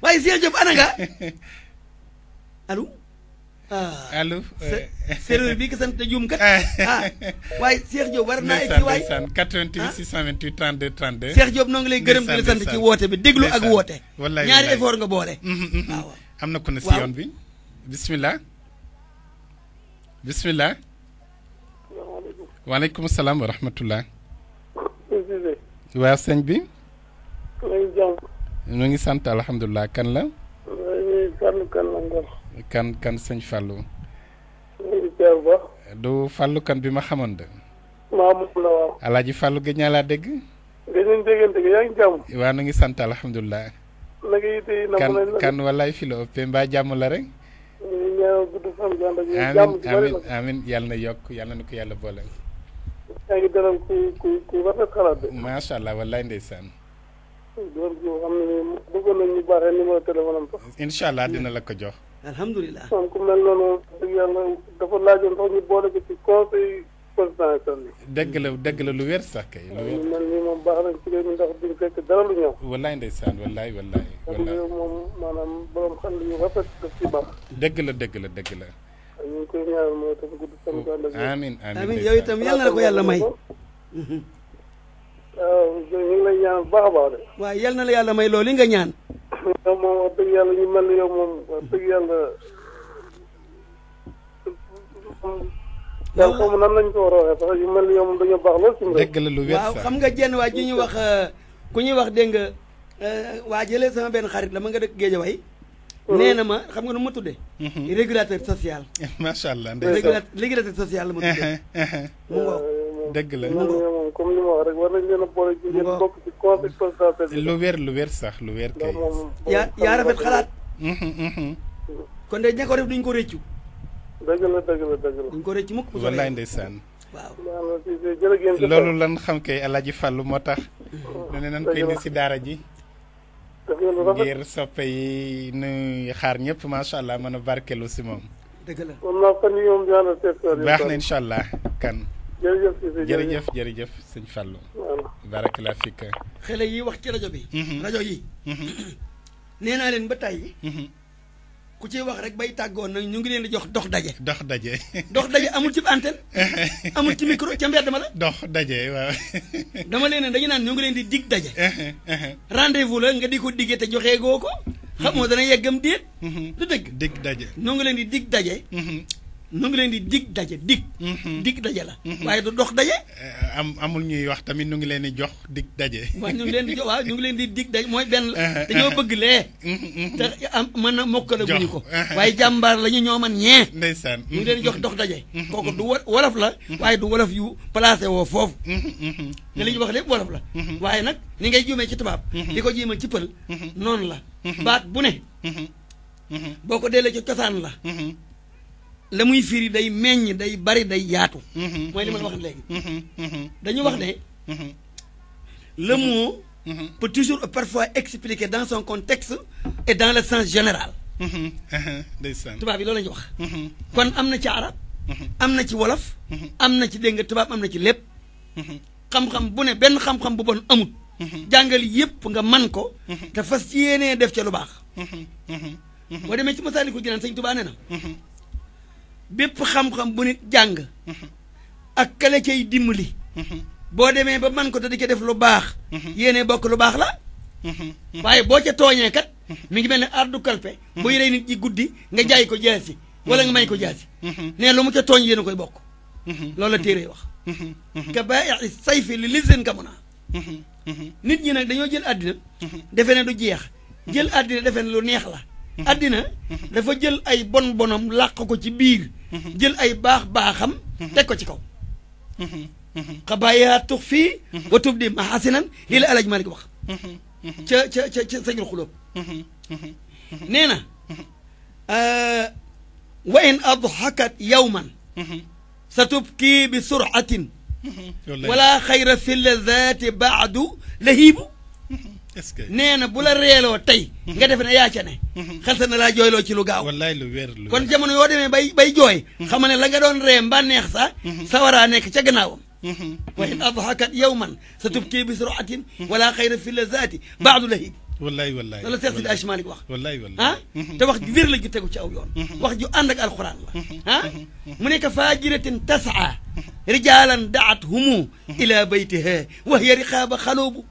waaye Cheikh Diop ana nga allo. Ah, allo. Euh, serveur bi ka sant te juum kat ah, waaye Cheikh Diop war naa ci waay 88 628 32 32. Cheikh Diop noo ngi lay gërëm di la sant ci woote bi déglu ak woote. wallaay ñaari effort nga boole. Mm-hmm, mm-hmm. Ah, am na ku ne si yoon bi. bisimilah. bisimilah. waaleykum salaam wa rahmatullah. waa sëñ bi. jàmm. ñu ngi sant alhamdullah kan la. fàllu kan, kan la ngor. kan kan sëñ fàllu. du Fallu kan bi ma xamoon de. maa moom la waaw. alaaji fàllu gëj naa laa dégg. gëj nañ yaa ngi jàmm. waa ngi sant alhamdullah. na yitte yi kan, kan wallaay fi la ëppee mbaa jàmm la rek. amin amin amin yalla na yokk yalla na ko yalla boole. yaa ngi dalal ku ku ku rafet xalaat de. macha allah wallaay ndeysaan. góor gi nga xam incha allah dina la ko jox. alhamdulilah moom ku mel noonu. dëgg la dëgg la lu wér sax kay. lu wér man lii moom baax nañ ci léegi ndax duñ fekk dara lu ñëw. wallaay ndeysaan wallaay wallaay. wallaay moom maanaam borom xam yu rafet daf ci baax. dëgg la dëgg la dëgg la. ñu ngi koy ñaanal na la ko yàlla may. waaw ñu yal na la yàlla may loolu nga ñaan. yow moom wax dëgg yàlla ñu mal ni yow moom wax dëgg yàlla. lañ ko war a waxee parce que yu dañoo baax lool. ci mbir dëgg la lu wér waaw xam nga jenn waa ji ñuy wax euh, ku ñuy wax dégg nga euh, waa jëlee sama benn xarit la ma nga dëkk Géejawaay. Mm-hmm. nee na ma xam nga nu ma tudde mm-hmm. régulateur social. macha allah ndeysa régulateur social la ma tudde mu ngoog dëgg la. moom comme ni ma wax rek war nañ lu wér lu wér sax lu wér kay yaa rafet xalaat mhm, mhm. kon de ña ko def duñ ko réccu dëgg la dëgg la dëgg la loolu lan xam kay Alaaji Fàllu moo tax ne ne nan koy indi si daara ji ngir soppe yi nuy xaar ñëpp macha allah mën a barkelu si moom dëgg la baax na incha allah kan jërëjëf jërëjëf jërëjëf sëñ Fallou. baraka laa fik xale yi wax ci rajo bi. Mhm. rajo yi. Mhm. nee naa leen ba tey. Mhm. ku ciy wax rek bay tàggoon nag ñu ngi leen di jox dox daje. dox daje. dox daje amul ci antenne. amul ci micro ca mbedd ma daje waaw. dama leen ne dañu naan ñu ngi leen di dig daje. rendez-vous la nga di ko diggee te joxee goo ko. xamoo nga dana yeggam déet. du dëgg dig daje. noo ngi leen di dig daje. nu ngi leen di dig daje dig. Mhm. dig daje la. Mhm. waaye du dox daje. Eh, am amul ñuy wax tamit nu ngi leen di jox dig daje. waaw ñu ngi leen di jox waaw ñu leen di dig daje mooy benn la eh, eh, dañoo bëgg lee. Mhm, te am mën na mokkalaguñu ko. waaye jàmbaar la ñu ñoo man ñee. ndeysaan ngi leen di jox dox daje. kooku du wolof la. waaye du wolof yu placé woo foofu. te li ñu wax lépp wolof la. waaye nag ni ngay juumee ci tubaab. li ko jéemal ci pël. noonu la. baat bu ne. boo ko deelee ci cosaan la. la muy firi day meññ day bari day yaatu. Mm-hmm. mooy li ma wax léegi. Mm-hmm. Mm-hmm. dañu wax ne. le mot. peut toujours parfois expliquer dans son contexte et dans le sens général. Uh-huh. ndeysaan tubaab yi loolu la ñu wax. kon amna ci arab. am ci wolof. am na ci deng tuba amna am na ci lépp. xam-xam bu ne ben xam-xam bu bon amut. jangal yépp nga man ko. te fas yéenee def ci lu baax. boo demee ci Masaalikul Jinaan sëñ Tuubaa nee na. bépp xam-xam bu nit jàng ak kale cay dimbali boo demee ba man ko te di ca def lu baax yéene bokk lu baax la waaye boo ca tooñee kat mi ngi mel ne ardu kalpe bu yëree nit ñi guddi nga jaay ko jaasi wala nga may ko jaasi ne lu mu ca tooñ yéen koy bokk loolu la téere wax ka bàyyi sayfi li liseen ka mun nit ñi nag dañoo jël àddina defe ne du jeex jël àddina defe ne lu neex la àddina dafa jël ay bon bonam làq ko ci biir jël ay baax baaxam teg ko ci kaw xabaaya tux fii wa tub di mahasinan lii la alaaj Malik wax ca ca ca ca sañul xulóob nee na wa in adxakat yawman sa tubkii bi suratin wala xayra fi lazati baadu lahiibu nee na bu la reeloo tey nga defe ne yaa ca ne mhm. xelsa na laa jooyloo ci lu gaaw wallaay lu wér lu kon jamono yoo demee bay bay jooy mhm. xamal ne la nga doon ree mbànneex sa mhm. sawaraa nekk ca gannaawam wa in adhakat yawman sa tubkii bi suratin wala xayra fi lazati baadu lahik wallaay wallaay loolu Seex Sidi Aji Maalik wax wallaay wallaay ah te wax ju wér la ju tegu ci aw yoon wax ju ànd ak alxuraan la ah mu nekk faajiratin tasaa rijaalan daat humu ila baytiha wa hiya riqaaba xaloobu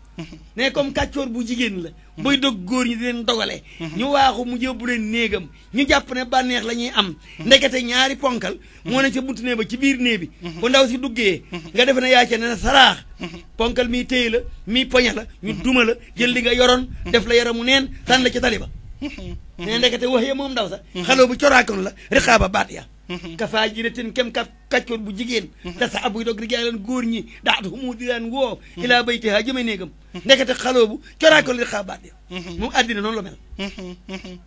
ne comme kàccoor bu jigéen la mooy dog góor ñi di leen dogale ñu waaxu mu yóbbu leen néegam ñu jàpp ne bànneex la ñuy am ndekete ñaari ponkal moo ne ca buntu nee ba ci biir néeg bi bu ndaw si duggee nga defe ne yaa ca ne saraax ponkal mii téye la mii poña la ñu duma la jël li nga yoroon def la yaram yaramu neen tànn la ca tali ba ne ndekete waxee moom ndaw sax xaloo bu coraakoon la riqaaba baat ya kafaa jiratin kem ka kàccoor bu jigéen mhm. te sa abuy doog rijaalan góor ñi daat humu diraan woo ilaa bayti haa jëme néegam mhm. ndekete xaloobu coraakol li xaabaat ya mhm. moom àddina noonu la mel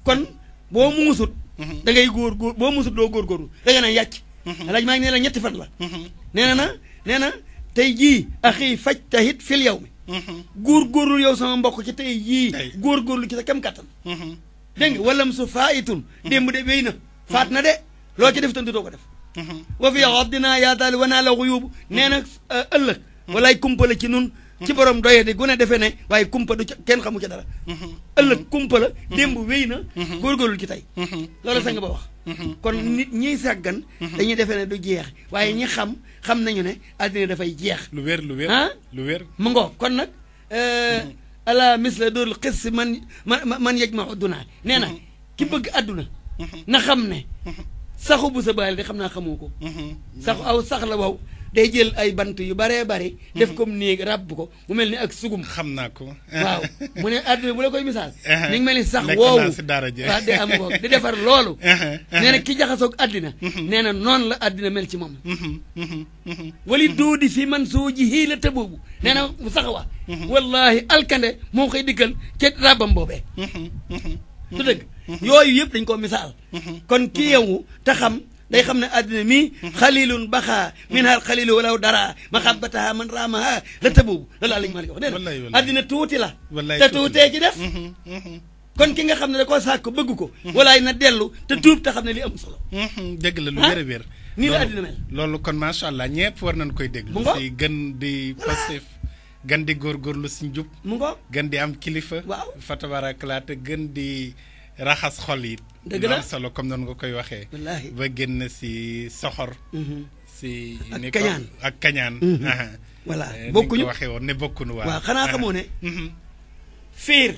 kon boo muusut da ngay góor góor boo muusut doo góor góorlu da nga naan yàcc alaaj maa ngi nee la ñetti fan la nee na nee na tey jii axi faj tahit fil yow mi góor góorlu yow sama mbokk ci ji jii góor góorlu ci sa kem kàttan dégg nga walam su faa itun démb de béy na faat na de لكن كده فتن دوكو داف وفي ربنا يا دال وانا الغيوب نانا الله آه، ولا يكمبل كي نون كي بروم دوي دي غونه ديفه ني واي كمبل كين خمو كي دارا الله كمبل ديمب وينا غورغول كي تاي لولا سانغ با واخ كون نيت ني ساغان دا ني ديفه ني دو جيخ واي ني خم خم نانيو ني ادنا دا فاي جيخ لو وير لو وير لو وير مونغو كون آه، الا مثل دور القس من من يجمع الدنا نينا كي بغ ادنا saxu bu sa baali xam naa xamoo ko mm-hmm. saxu aw sax la waw day jël ay bant yu baree bari mm-hmm. def kom néeg ràbb ko mu mel ni ak sugum xam naa ko waaw mu ne àdduna bu la koy misaal uh-huh. ni ngi mel ni sax woowu waaw de am ko di defar loolu uh-huh. Uh-huh. nee na ki jaxasoog àddina mm-hmm. nee na noonu la àddina mel ci moom wali doodi fi man soo ji hii boobu nee na mu saxawa wallahi alkande moo koy dikkal ca ràbbam boobee Mm-hmm. yooyu yëpp dañ koo misaal mm-hmm. kon ki mm-hmm. yewu te xam day xam ne àddina mi xalilun baxaa min haar xalilu walaw dara maxabataha man raamaha la tabubu loolu laa lañu ma la wax nee àddina tuuti la te tuutee ci def kon ki nga xam ne da koo sàkk bëgg ko walaay na dellu te tuub te xam ne li am solo dégg la lu ah? wér a wér nii la àddina mel loolu kon macha allah ñëpp war nañ koy déglu si gën di raxas xol yi. dëgg la comme noonu nga koy waxee. ba génn si soxor. Mm-hmm. si kañaan ak kañaan. Mm-hmm. voilà eh, bokkuñu waxee woon ne bokkunu waaw. xanaa xamoo ne. Mm-hmm. fiir.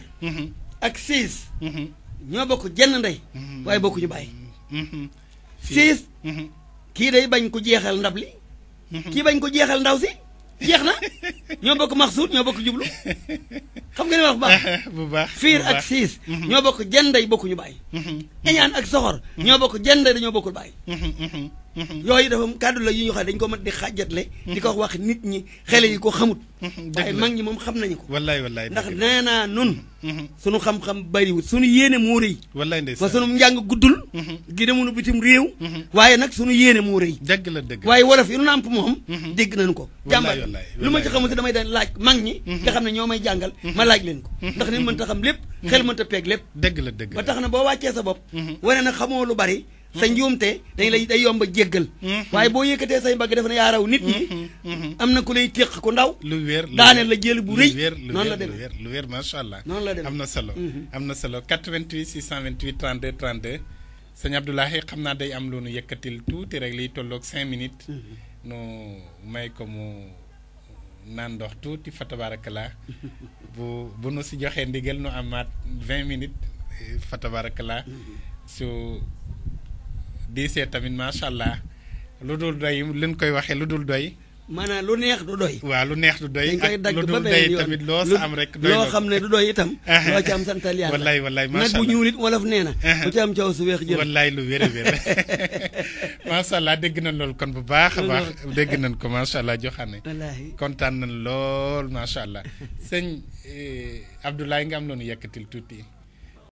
ak siis. ñoo bokk jenn ndey. waaye bokkuñu bàyyi. siis. kii day bañ ko jeexal ndab li. kii bañ ko jeexal ndaw si. jeex na ñoo bokk maxsuud ñoo bokk jublu xam nga li wax baax bu baax fiir ak siis mm-hmm. ñoo bokk jenday bokkuñu bàyyi. iñaan mm-hmm. ak soxor mm-hmm. ñoo bokk jenday dañoo bokkul bàyyi. Mhm. yooyu dafa kàddu la yu ñu xam dañ ko mën di xàjjatle. di ko wax nit ñi xele yi ko xamut. Mhm. waaye mag ñi moom xam nañu ko. wallaay wallaay ndax nee naa nun mhm. sunu xam-xam bariwut sunu yéene moo rëy. wallaay ndeysaan ba sunu njàng guddul. gi demunu bitim réew. waaye nag sunu yéene moo rëy. dëgg la dëgg waaye wolof yi nu nàmp moom. dégg nañu ko. jàmbar lu ma ci damay daan laaj mag ñi. nga xam ne ñoo may jàngal. ma laaj leen ko. ndax nit mënta xam lépp. xel mënta peeg lépp. dëgg la dëgg ba tax na boo wàccee sa bopp. wa wane na xamoo lu bari sa njuumte dañ lay day yomb a jéggal mm-hmm. waaye boo yëkkatee say mbagg def na yaa raw nit ñi mm-hmm. am na ku lay téq ku ndaw lu wér daaneel la jël bu rëy noonu la demee lu wér macha allah noonu la demee am na solo mm-hmm. am na solo 88 628 32 32 sëñ Abdoulaye xam naa day am loonu nu yëkkatil tuuti rek liy tolloog cinq minutes nu may ko mu naan ndox tuuti fa tabaarakala bu bu nu si joxee ndigal nu amaat vingt minutes eh, fa tabaarakala su di seet tamit macha allah lu dul doy liñ koy waxee lu dul doy. maanaam lu neex du doy. waaw lu neex du doy. ak lu dul doy tamit loo sa am rek. doy loo xam ne du doy itam. am santal yàlla. wallaay wallaay macha allah nag bu ñuul it wolof nee na. lu wér a wér allah dégg nañ loolu kon bu baax a baax. dégg nañ ko macha allah joxaane. wallaahi kontaan nañ lool macha allah. sëñ eh, Abdoulaye nga am loonu yekkatil tuuti.